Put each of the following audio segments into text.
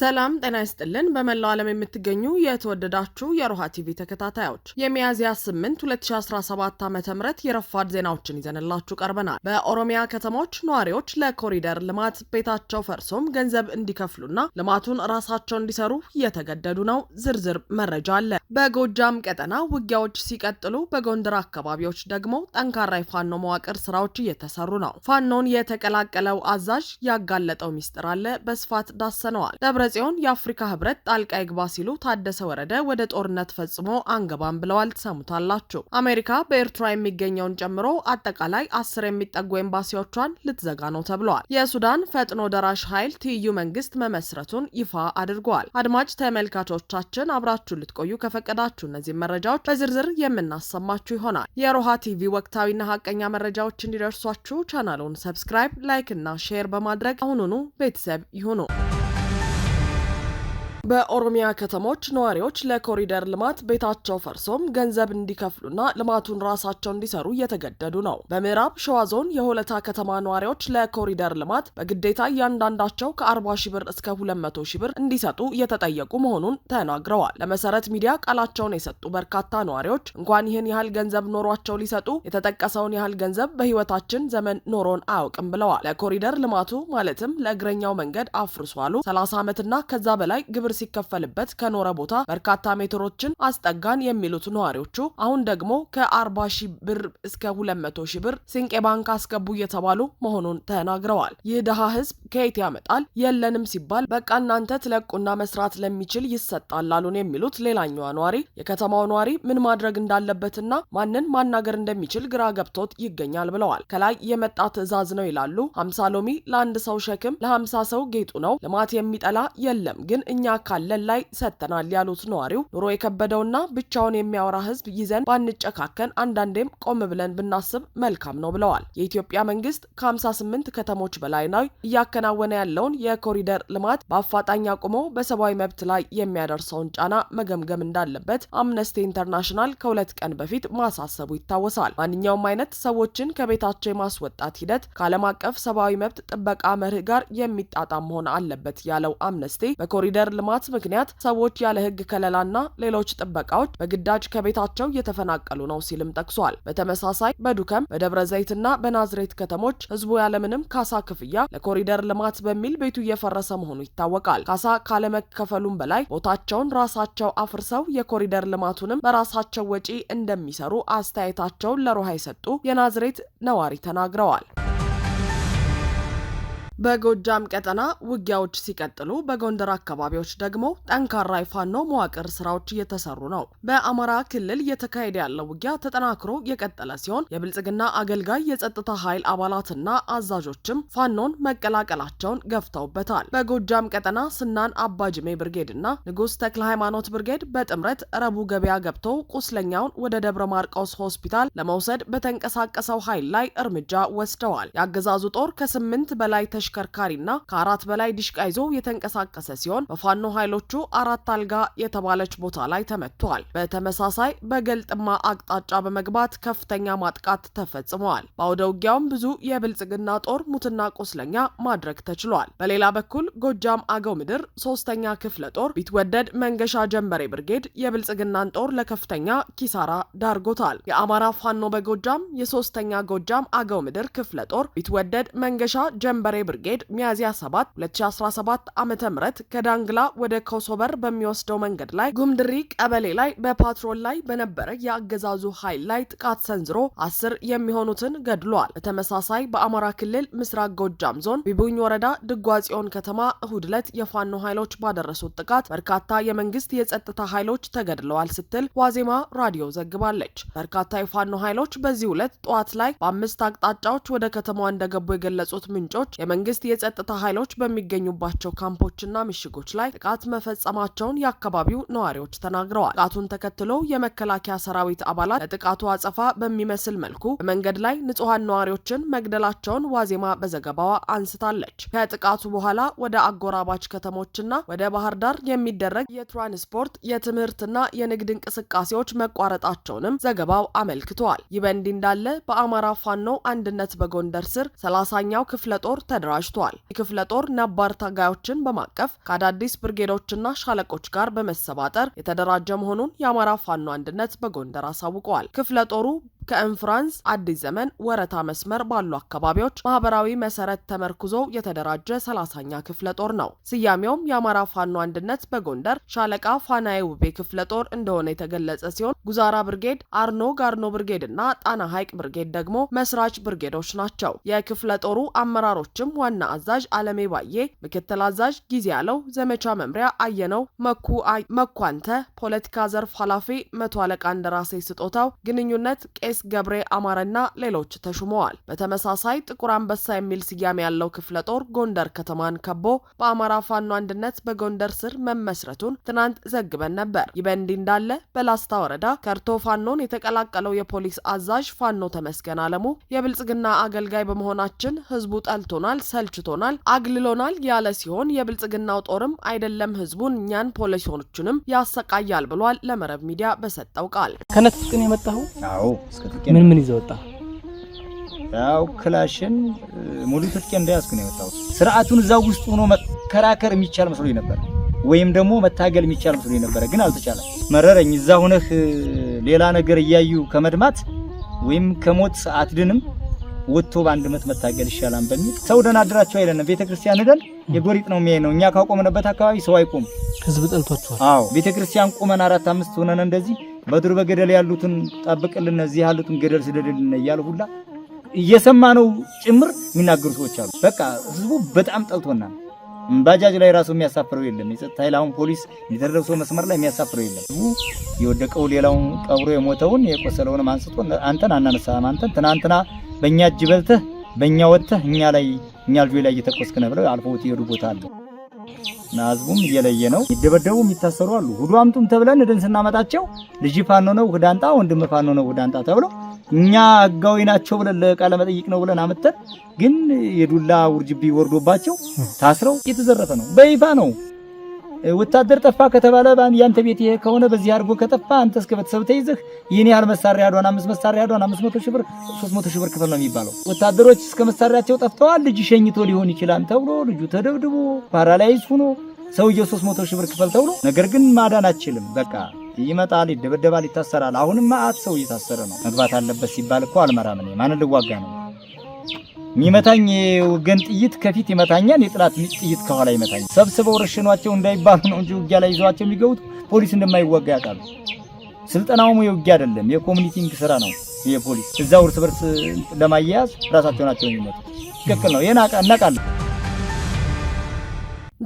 ሰላም ጤና ይስጥልን። በመላው ዓለም የምትገኙ የተወደዳችሁ የሮሃ ቲቪ ተከታታዮች የሚያዝያ 8 2017 ዓ ም የረፋድ ዜናዎችን ይዘንላችሁ ቀርበናል። በኦሮሚያ ከተሞች ነዋሪዎች ለኮሪደር ልማት ቤታቸው ፈርሶም ገንዘብ እንዲከፍሉና ልማቱን ራሳቸው እንዲሰሩ እየተገደዱ ነው። ዝርዝር መረጃ አለ። በጎጃም ቀጠና ውጊያዎች ሲቀጥሉ፣ በጎንደር አካባቢዎች ደግሞ ጠንካራ የፋኖ መዋቅር ስራዎች እየተሰሩ ነው። ፋኖን የተቀላቀለው አዛዥ ያጋለጠው ሚስጥር አለ። በስፋት ዳሰነዋል። ደብረ ጽዮን የአፍሪካ ህብረት ጣልቃ ይግባ ሲሉ ታደሰ ወረደ ወደ ጦርነት ፈጽሞ አንገባም ብለዋል። ትሰሙታላችሁ። አሜሪካ በኤርትራ የሚገኘውን ጨምሮ አጠቃላይ አስር የሚጠጉ ኤምባሲዎቿን ልትዘጋ ነው ተብለዋል። የሱዳን ፈጥኖ ደራሽ ኃይል ትይዩ መንግስት መመስረቱን ይፋ አድርገዋል። አድማጭ ተመልካቾቻችን አብራችሁ ልትቆዩ ከፈቀዳችሁ እነዚህ መረጃዎች በዝርዝር የምናሰማችሁ ይሆናል። የሮሃ ቲቪ ወቅታዊና ሀቀኛ መረጃዎች እንዲደርሷችሁ ቻናሉን ሰብስክራይብ፣ ላይክ እና ሼር በማድረግ አሁኑኑ ቤተሰብ ይሁኑ። በኦሮሚያ ከተሞች ነዋሪዎች ለኮሪደር ልማት ቤታቸው ፈርሶም ገንዘብ እንዲከፍሉና ልማቱን ራሳቸው እንዲሰሩ እየተገደዱ ነው። በምዕራብ ሸዋ ዞን የሆለታ ከተማ ነዋሪዎች ለኮሪደር ልማት በግዴታ እያንዳንዳቸው ከ40 ሺ ብር እስከ 200 ሺ ብር እንዲሰጡ እየተጠየቁ መሆኑን ተናግረዋል። ለመሰረት ሚዲያ ቃላቸውን የሰጡ በርካታ ነዋሪዎች እንኳን ይህን ያህል ገንዘብ ኖሯቸው ሊሰጡ የተጠቀሰውን ያህል ገንዘብ በህይወታችን ዘመን ኖሮን አያውቅም ብለዋል። ለኮሪደር ልማቱ ማለትም ለእግረኛው መንገድ አፍርሷሉ 30 ዓመትና ከዛ በላይ ግብር ሲከፈልበት ከኖረ ቦታ በርካታ ሜትሮችን አስጠጋን የሚሉት ነዋሪዎቹ አሁን ደግሞ ከአርባ ሺ ብር እስከ ሁለት መቶ ብር ስንቄ ባንክ አስገቡ እየተባሉ መሆኑን ተናግረዋል። ይህ ድሃ ህዝብ ከየት ያመጣል? የለንም ሲባል በቃ እናንተ ትለቁና መስራት ለሚችል ይሰጣል አሉን የሚሉት ሌላኛዋ ነዋሪ የከተማው ነዋሪ ምን ማድረግ እንዳለበትና ማንን ማናገር እንደሚችል ግራ ገብቶት ይገኛል ብለዋል። ከላይ የመጣ ትዕዛዝ ነው ይላሉ። ሀምሳ ሎሚ ለአንድ ሰው ሸክም ለሀምሳ ሰው ጌጡ ነው። ልማት የሚጠላ የለም ግን እኛ ካለን ላይ ሰጥተናል ያሉት ነዋሪው ኑሮ የከበደውና ብቻውን የሚያወራ ህዝብ ይዘን ባንጨካከን አንዳንዴም ቆም ብለን ብናስብ መልካም ነው ብለዋል። የኢትዮጵያ መንግስት ከ58 ከተሞች በላይ ነው እያከናወነ ያለውን የኮሪደር ልማት በአፋጣኝ አቁሞ በሰብአዊ መብት ላይ የሚያደርሰውን ጫና መገምገም እንዳለበት አምነስቲ ኢንተርናሽናል ከሁለት ቀን በፊት ማሳሰቡ ይታወሳል። ማንኛውም አይነት ሰዎችን ከቤታቸው የማስወጣት ሂደት ከዓለም አቀፍ ሰብአዊ መብት ጥበቃ መርህ ጋር የሚጣጣም መሆን አለበት ያለው አምነስቲ በኮሪደር ልማት ልማት ምክንያት ሰዎች ያለ ህግ ከለላና ሌሎች ጥበቃዎች በግዳጅ ከቤታቸው እየተፈናቀሉ ነው ሲልም ጠቅሷል። በተመሳሳይ በዱከም በደብረ ዘይትና በናዝሬት ከተሞች ህዝቡ ያለምንም ካሳ ክፍያ ለኮሪደር ልማት በሚል ቤቱ እየፈረሰ መሆኑ ይታወቃል። ካሳ ካለመከፈሉም በላይ ቦታቸውን ራሳቸው አፍርሰው የኮሪደር ልማቱንም በራሳቸው ወጪ እንደሚሰሩ አስተያየታቸውን ለሮሃ የሰጡ የናዝሬት ነዋሪ ተናግረዋል። በጎጃም ቀጠና ውጊያዎች ሲቀጥሉ በጎንደር አካባቢዎች ደግሞ ጠንካራ የፋኖ መዋቅር ስራዎች እየተሰሩ ነው። በአማራ ክልል እየተካሄደ ያለው ውጊያ ተጠናክሮ የቀጠለ ሲሆን የብልጽግና አገልጋይ የጸጥታ ኃይል አባላትና አዛዦችም ፋኖን መቀላቀላቸውን ገፍተውበታል። በጎጃም ቀጠና ስናን አባጅሜ ብርጌድ እና ንጉሥ ተክለ ሃይማኖት ብርጌድ በጥምረት ረቡ ገበያ ገብተው ቁስለኛውን ወደ ደብረ ማርቆስ ሆስፒታል ለመውሰድ በተንቀሳቀሰው ኃይል ላይ እርምጃ ወስደዋል። የአገዛዙ ጦር ከስምንት በላይ ተሽ ተሽከርካሪና ከአራት በላይ ዲሽቃ ይዞ የተንቀሳቀሰ ሲሆን በፋኖ ኃይሎቹ አራት አልጋ የተባለች ቦታ ላይ ተመቷል። በተመሳሳይ በገልጥማ አቅጣጫ በመግባት ከፍተኛ ማጥቃት ተፈጽመዋል። በአውደ ውጊያውም ብዙ የብልጽግና ጦር ሙትና ቆስለኛ ማድረግ ተችሏል። በሌላ በኩል ጎጃም አገው ምድር ሶስተኛ ክፍለ ጦር ቢትወደድ መንገሻ ጀንበሬ ብርጌድ የብልጽግናን ጦር ለከፍተኛ ኪሳራ ዳርጎታል። የአማራ ፋኖ በጎጃም የሶስተኛ ጎጃም አገው ምድር ክፍለ ጦር ቢትወደድ መንገሻ ጀንበሬ ብርጌድ ብርጌድ ሚያዝያ 7 2017 ዓ ም ከዳንግላ ወደ ኮሶበር በሚወስደው መንገድ ላይ ጉምድሪ ቀበሌ ላይ በፓትሮል ላይ በነበረ የአገዛዙ ኃይል ላይ ጥቃት ሰንዝሮ አስር የሚሆኑትን ገድሏል። በተመሳሳይ በአማራ ክልል ምስራቅ ጎጃም ዞን ቢቡኝ ወረዳ ድጓጽዮን ከተማ እሁድ ዕለት የፋኖ ኃይሎች ባደረሱት ጥቃት በርካታ የመንግስት የጸጥታ ኃይሎች ተገድለዋል ስትል ዋዜማ ራዲዮ ዘግባለች። በርካታ የፋኖ ኃይሎች በዚህ ዕለት ጠዋት ላይ በአምስት አቅጣጫዎች ወደ ከተማዋ እንደገቡ የገለጹት ምንጮች መንግስት የጸጥታ ኃይሎች በሚገኙባቸው ካምፖችና ምሽጎች ላይ ጥቃት መፈጸማቸውን የአካባቢው ነዋሪዎች ተናግረዋል። ጥቃቱን ተከትሎ የመከላከያ ሰራዊት አባላት ለጥቃቱ አጸፋ በሚመስል መልኩ በመንገድ ላይ ንጹሐን ነዋሪዎችን መግደላቸውን ዋዜማ በዘገባዋ አንስታለች። ከጥቃቱ በኋላ ወደ አጎራባች ከተሞችና ወደ ባህር ዳር የሚደረግ የትራንስፖርት የትምህርትና የንግድ እንቅስቃሴዎች መቋረጣቸውንም ዘገባው አመልክተዋል። ይህ በእንዲህ እንዳለ በአማራ ፋኖ አንድነት በጎንደር ስር ሰላሳኛው ክፍለ ጦር ተደራ ተደራጅቷል። የክፍለ ጦር ነባር ታጋዮችን በማቀፍ ከአዳዲስ ብርጌዶችና ሻለቆች ጋር በመሰባጠር የተደራጀ መሆኑን የአማራ ፋኖ አንድነት በጎንደር አሳውቀዋል። ክፍለ ጦሩ ከእንፍራንስ አዲስ ዘመን ወረታ መስመር ባሉ አካባቢዎች ማህበራዊ መሰረት ተመርኩዞ የተደራጀ ሰላሳኛ ክፍለ ጦር ነው። ስያሜውም የአማራ ፋኖ አንድነት በጎንደር ሻለቃ ፋናዬ ውቤ ክፍለ ጦር እንደሆነ የተገለጸ ሲሆን ጉዛራ ብርጌድ፣ አርኖ ጋርኖ ብርጌድ እና ጣና ሐይቅ ብርጌድ ደግሞ መስራች ብርጌዶች ናቸው። የክፍለ ጦሩ አመራሮችም ዋና አዛዥ አለሜ ባዬ፣ ምክትል አዛዥ ጊዜ ያለው፣ ዘመቻ መምሪያ አየነው መኳንተ፣ ፖለቲካ ዘርፍ ኃላፊ መቶ አለቃ እንደራሴ ስጦታው፣ ግንኙነት ቄስ ቀሲስ ገብሬ አማረና ሌሎች ተሹመዋል። በተመሳሳይ ጥቁር አንበሳ የሚል ስያሜ ያለው ክፍለ ጦር ጎንደር ከተማን ከቦ በአማራ ፋኖ አንድነት በጎንደር ስር መመስረቱን ትናንት ዘግበን ነበር። ይህ በእንዲህ እንዳለ በላስታ ወረዳ ከርቶ ፋኖን የተቀላቀለው የፖሊስ አዛዥ ፋኖ ተመስገን አለሙ የብልጽግና አገልጋይ በመሆናችን ህዝቡ ጠልቶናል፣ ሰልችቶናል፣ አግልሎናል ያለ ሲሆን የብልጽግናው ጦርም አይደለም ህዝቡን እኛን ፖሊሶችንም ያሰቃያል ብሏል። ለመረብ ሚዲያ በሰጠው ቃል ግን የመጣሁ ምን ምን ይዘህ ወጣ? ያው ክላሽን ሙሉ ትጥቄ እንዳያዝኩ ነው የወጣሁት። ስርዓቱን እዛው ውስጥ ሆኖ መከራከር የሚቻል መስሎኝ ነበር፣ ወይም ደግሞ መታገል የሚቻል መስሎኝ ነበረ፣ ግን አልተቻለም። መረረኝ። እዛ ሁነህ ሌላ ነገር እያዩ ከመድማት ወይም ከሞት አትድንም ወጥቶ በአንድ መት መታገል ይሻላል በሚል ሰው ደህና አድራቸው አይለንም። ቤተክርስቲያን ሄደን የጎሪጥ ነው የሚያይ ነው። እኛ ካቆምንበት አካባቢ ሰው አይቆም። ህዝብ ጠልቷቸዋል። አዎ ቤተክርስቲያን ቁመን አራት አምስት ሆነን እንደዚህ መድር በገደል ያሉትን ጠብቅልን፣ እዚህ ያሉትን ገደል ስደድልን እያሉ ሁላ እየሰማ ነው ጭምር የሚናገሩ ሰዎች አሉ። በቃ ህዝቡ በጣም ጠልቶናል። ባጃጅ ላይ ራሱ የሚያሳፍረው የለም። የጸጥታ ኃይል አሁን ፖሊስ የተደረሰ መስመር ላይ የሚያሳፍረው የለም። ህዝቡ የወደቀው ሌላውን ቀብሮ የሞተውን የቆሰለውንም አንስቶ አንተን አናነሳም፣ አንተን ትናንትና በእኛ እጅ በልተህ በእኛ ወጥተህ እኛ ላይ እኛ ልጆ ላይ እየተቆስክነ ብለው አልፎ የሄዱ ቦታ አለ። እና ህዝቡም እየለየ ነው። ይደበደቡ የሚታሰሩ አሉ። ሁዱ አምጡም ተብለን ደን ስናመጣቸው ልጅ ፋኖ ነው ህዳንጣ ወንድም ፋኖ ነው ሁዳንጣ ተብሎ እኛ ህጋዊ ናቸው ብለን ለቃለ መጠይቅ ነው ብለን አመተን ግን የዱላ ውርጅቢ ወርዶባቸው ታስረው እየተዘረፈ ነው በይፋ ነው ወታደር ጠፋ ከተባለ ባን ያንተ ቤት ይሄ ከሆነ በዚህ አድርጎ ከጠፋ አንተ እስከ ቤተሰብ ተይዘህ ይህን ያህል መሳሪያ ያዷን አምስት መሳሪያ ያዷን አምስት መቶ ሺህ ብር ሶስት መቶ ሺህ ብር ክፍል ነው የሚባለው። ወታደሮች እስከ መሳሪያቸው ጠፍተዋል። ልጅ ሸኝቶ ሊሆን ይችላል ተብሎ ልጁ ተደብድቦ ፓራላይዝ ሆኖ ሰውየው ሶስት መቶ ሺህ ብር ክፈል ተብሎ ነገር ግን ማዳን አችልም። በቃ ይመጣል፣ ይደበደባል፣ ይታሰራል። አሁንም ማአት ሰው እየታሰረ ነው። መግባት አለበት ሲባል እኮ አልመራም እኔ ማንን ልዋጋ ነው የሚመታኝ የወገን ጥይት ከፊት ይመታኛል፣ የጥላት ጥይት ከኋላ ይመታኝ። ሰብስበው ረሸኗቸው እንዳይባሉ ነው እንጂ ውጊያ ላይ ይዘዋቸው የሚገቡት ፖሊስ እንደማይዋጋ ያውቃሉ። ስልጠናውም የውጊያ አይደለም፣ የኮሚኒቲንግ ስራ ነው። የፖሊስ እዛው እርስ በርስ ለማያያዝ ራሳቸው ናቸው የሚመጡት። ትክክል ነው። ይህን እናውቃለን።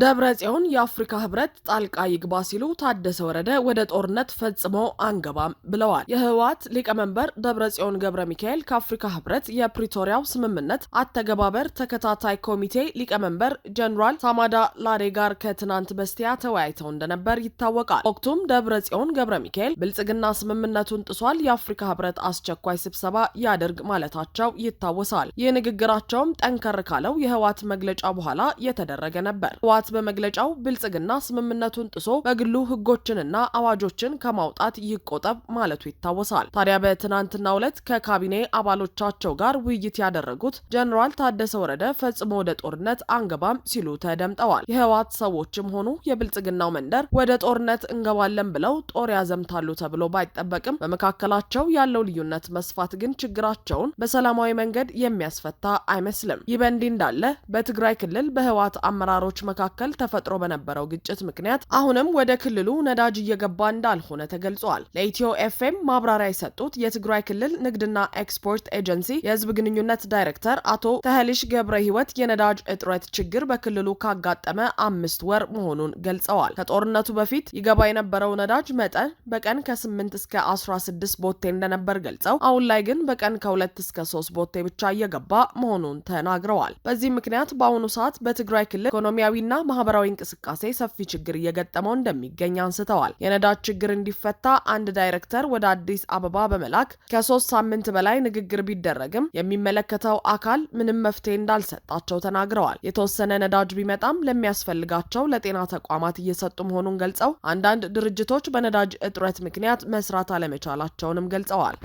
ደብረ ጽዮን የአፍሪካ ህብረት ጣልቃ ይግባ ሲሉ ታደሰ ወረደ ወደ ጦርነት ፈጽሞ አንገባም ብለዋል። የህወሓት ሊቀመንበር ደብረ ጽዮን ገብረ ሚካኤል ከአፍሪካ ህብረት የፕሪቶሪያው ስምምነት አተገባበር ተከታታይ ኮሚቴ ሊቀመንበር ጀኔራል ሳማዳ ላሬ ጋር ከትናንት በስቲያ ተወያይተው እንደነበር ይታወቃል። ወቅቱም ደብረ ጽዮን ገብረ ሚካኤል ብልጽግና ስምምነቱን ጥሷል፣ የአፍሪካ ህብረት አስቸኳይ ስብሰባ ያድርግ ማለታቸው ይታወሳል። ይህ ንግግራቸውም ጠንከር ካለው የህወሓት መግለጫ በኋላ የተደረገ ነበር። ህወሓት በመግለጫው ብልጽግና ስምምነቱን ጥሶ በግሉ ህጎችንና አዋጆችን ከማውጣት ይቆጠብ ማለቱ ይታወሳል። ታዲያ በትናንትናው ዕለት ከካቢኔ አባሎቻቸው ጋር ውይይት ያደረጉት ጀኔራል ታደሰ ወረደ ፈጽሞ ወደ ጦርነት አንገባም ሲሉ ተደምጠዋል። የህወሓት ሰዎችም ሆኑ የብልጽግናው መንደር ወደ ጦርነት እንገባለን ብለው ጦር ያዘምታሉ ተብሎ ባይጠበቅም በመካከላቸው ያለው ልዩነት መስፋት ግን ችግራቸውን በሰላማዊ መንገድ የሚያስፈታ አይመስልም። ይህ በእንዲህ እንዳለ በትግራይ ክልል በህወሓት አመራሮች መካከል መካከል ተፈጥሮ በነበረው ግጭት ምክንያት አሁንም ወደ ክልሉ ነዳጅ እየገባ እንዳልሆነ ተገልጿል። ለኢትዮ ኤፍኤም ማብራሪያ የሰጡት የትግራይ ክልል ንግድና ኤክስፖርት ኤጀንሲ የህዝብ ግንኙነት ዳይሬክተር አቶ ተህልሽ ገብረ ህይወት የነዳጅ እጥረት ችግር በክልሉ ካጋጠመ አምስት ወር መሆኑን ገልጸዋል። ከጦርነቱ በፊት ይገባ የነበረው ነዳጅ መጠን በቀን ከ8 እስከ 16 ቦቴ እንደነበር ገልጸው አሁን ላይ ግን በቀን ከ2 እስከ 3 ቦቴ ብቻ እየገባ መሆኑን ተናግረዋል። በዚህ ምክንያት በአሁኑ ሰዓት በትግራይ ክልል ኢኮኖሚያዊና ማህበራዊ እንቅስቃሴ ሰፊ ችግር እየገጠመው እንደሚገኝ አንስተዋል። የነዳጅ ችግር እንዲፈታ አንድ ዳይሬክተር ወደ አዲስ አበባ በመላክ ከሶስት ሳምንት በላይ ንግግር ቢደረግም የሚመለከተው አካል ምንም መፍትሄ እንዳልሰጣቸው ተናግረዋል። የተወሰነ ነዳጅ ቢመጣም ለሚያስፈልጋቸው ለጤና ተቋማት እየሰጡ መሆኑን ገልጸው አንዳንድ ድርጅቶች በነዳጅ እጥረት ምክንያት መስራት አለመቻላቸውንም ገልጸዋል።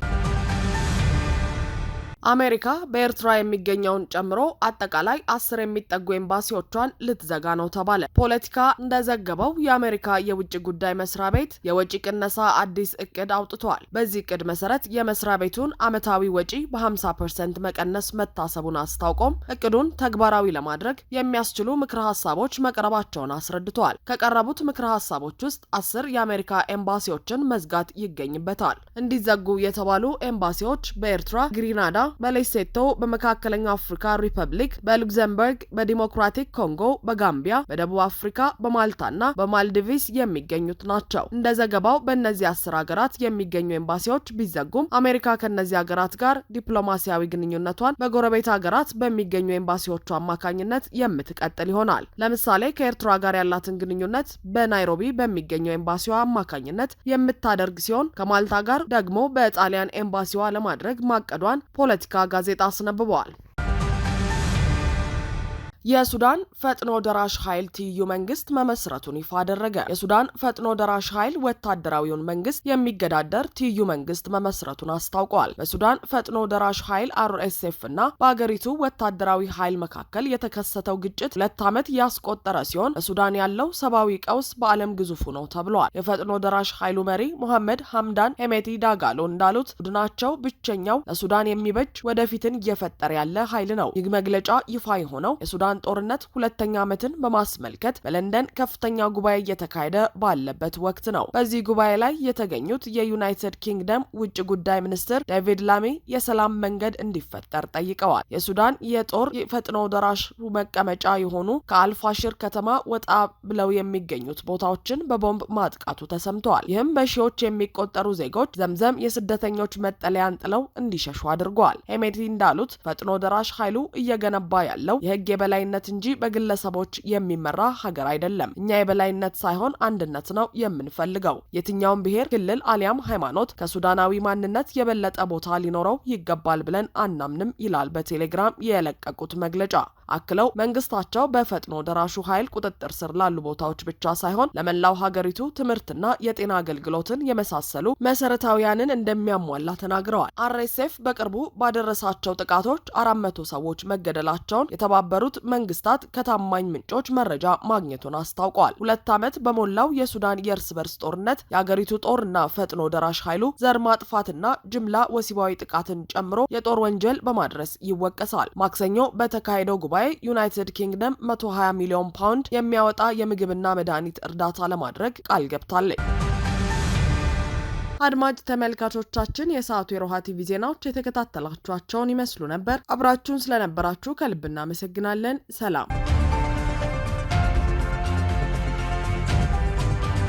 አሜሪካ በኤርትራ የሚገኘውን ጨምሮ አጠቃላይ አስር የሚጠጉ ኤምባሲዎቿን ልትዘጋ ነው ተባለ። ፖለቲካ እንደዘገበው የአሜሪካ የውጭ ጉዳይ መስሪያ ቤት የወጪ ቅነሳ አዲስ እቅድ አውጥቷል። በዚህ እቅድ መሰረት የመስሪያ ቤቱን አመታዊ ወጪ በ50 ፐርሰንት መቀነስ መታሰቡን አስታውቆም እቅዱን ተግባራዊ ለማድረግ የሚያስችሉ ምክረ ሀሳቦች መቅረባቸውን አስረድተዋል። ከቀረቡት ምክረ ሀሳቦች ውስጥ አስር የአሜሪካ ኤምባሲዎችን መዝጋት ይገኝበታል። እንዲዘጉ የተባሉ ኤምባሲዎች በኤርትራ፣ ግሪናዳ በሌሴቶ፣ በመካከለኛው አፍሪካ ሪፐብሊክ፣ በሉክዘምበርግ፣ በዲሞክራቲክ ኮንጎ፣ በጋምቢያ፣ በደቡብ አፍሪካ፣ በማልታና በማልዲቪስ የሚገኙት ናቸው። እንደ ዘገባው በእነዚህ አስር ሀገራት የሚገኙ ኤምባሲዎች ቢዘጉም አሜሪካ ከእነዚህ ሀገራት ጋር ዲፕሎማሲያዊ ግንኙነቷን በጎረቤት ሀገራት በሚገኙ ኤምባሲዎቹ አማካኝነት የምትቀጥል ይሆናል። ለምሳሌ ከኤርትራ ጋር ያላትን ግንኙነት በናይሮቢ በሚገኘው ኤምባሲዋ አማካኝነት የምታደርግ ሲሆን ከማልታ ጋር ደግሞ በጣሊያን ኤምባሲዋ ለማድረግ ማቀዷን ፖለ የፖለቲካ ጋዜጣ አስነብበዋል። የሱዳን ፈጥኖ ደራሽ ኃይል ትይዩ መንግስት መመስረቱን ይፋ አደረገ። የሱዳን ፈጥኖ ደራሽ ኃይል ወታደራዊውን መንግስት የሚገዳደር ትይዩ መንግስት መመስረቱን አስታውቋል። በሱዳን ፈጥኖ ደራሽ ኃይል አርኤስኤፍ እና በአገሪቱ ወታደራዊ ኃይል መካከል የተከሰተው ግጭት ሁለት ዓመት ያስቆጠረ ሲሆን በሱዳን ያለው ሰብአዊ ቀውስ በዓለም ግዙፉ ነው ተብሏል። የፈጥኖ ደራሽ ኃይሉ መሪ ሞሐመድ ሐምዳን ሄሜቲ ዳጋሎ እንዳሉት ቡድናቸው ብቸኛው ለሱዳን የሚበጅ ወደፊትን እየፈጠረ ያለ ኃይል ነው። ይህ መግለጫ ይፋ የሆነው የሱዳን የሱዳን ጦርነት ሁለተኛ ዓመትን በማስመልከት በለንደን ከፍተኛ ጉባኤ እየተካሄደ ባለበት ወቅት ነው። በዚህ ጉባኤ ላይ የተገኙት የዩናይትድ ኪንግደም ውጭ ጉዳይ ሚኒስትር ዴቪድ ላሚ የሰላም መንገድ እንዲፈጠር ጠይቀዋል። የሱዳን የጦር ፈጥኖ ደራሽ መቀመጫ የሆኑ ከአልፋሽር ከተማ ወጣ ብለው የሚገኙት ቦታዎችን በቦምብ ማጥቃቱ ተሰምተዋል። ይህም በሺዎች የሚቆጠሩ ዜጎች ዘምዘም የስደተኞች መጠለያን ጥለው እንዲሸሹ አድርገዋል። ሄሜቲ እንዳሉት ፈጥኖ ደራሽ ኃይሉ እየገነባ ያለው የህግ የበላይ የበላይነት እንጂ በግለሰቦች የሚመራ ሀገር አይደለም። እኛ የበላይነት ሳይሆን አንድነት ነው የምንፈልገው። የትኛውም ብሔር፣ ክልል አሊያም ሃይማኖት ከሱዳናዊ ማንነት የበለጠ ቦታ ሊኖረው ይገባል ብለን አናምንም ይላል በቴሌግራም የለቀቁት መግለጫ። አክለው መንግስታቸው በፈጥኖ ደራሹ ኃይል ቁጥጥር ስር ላሉ ቦታዎች ብቻ ሳይሆን ለመላው ሀገሪቱ ትምህርትና የጤና አገልግሎትን የመሳሰሉ መሰረታዊያንን እንደሚያሟላ ተናግረዋል። አርኤስኤፍ በቅርቡ ባደረሳቸው ጥቃቶች አራት መቶ ሰዎች መገደላቸውን የተባበሩት መንግስታት ከታማኝ ምንጮች መረጃ ማግኘቱን አስታውቋል። ሁለት ዓመት በሞላው የሱዳን የእርስ በርስ ጦርነት የአገሪቱ ጦርና ፈጥኖ ደራሽ ኃይሉ ዘር ማጥፋትና ጅምላ ወሲባዊ ጥቃትን ጨምሮ የጦር ወንጀል በማድረስ ይወቀሳል። ማክሰኞ በተካሄደው ጉባኤ ጉባኤ ዩናይትድ ኪንግደም 120 ሚሊዮን ፓውንድ የሚያወጣ የምግብና መድኃኒት እርዳታ ለማድረግ ቃል ገብታለች። አድማጭ ተመልካቾቻችን የሰዓቱ የሮሃ ቲቪ ዜናዎች የተከታተላችኋቸውን ይመስሉ ነበር። አብራችሁን ስለነበራችሁ ከልብ እናመሰግናለን። ሰላም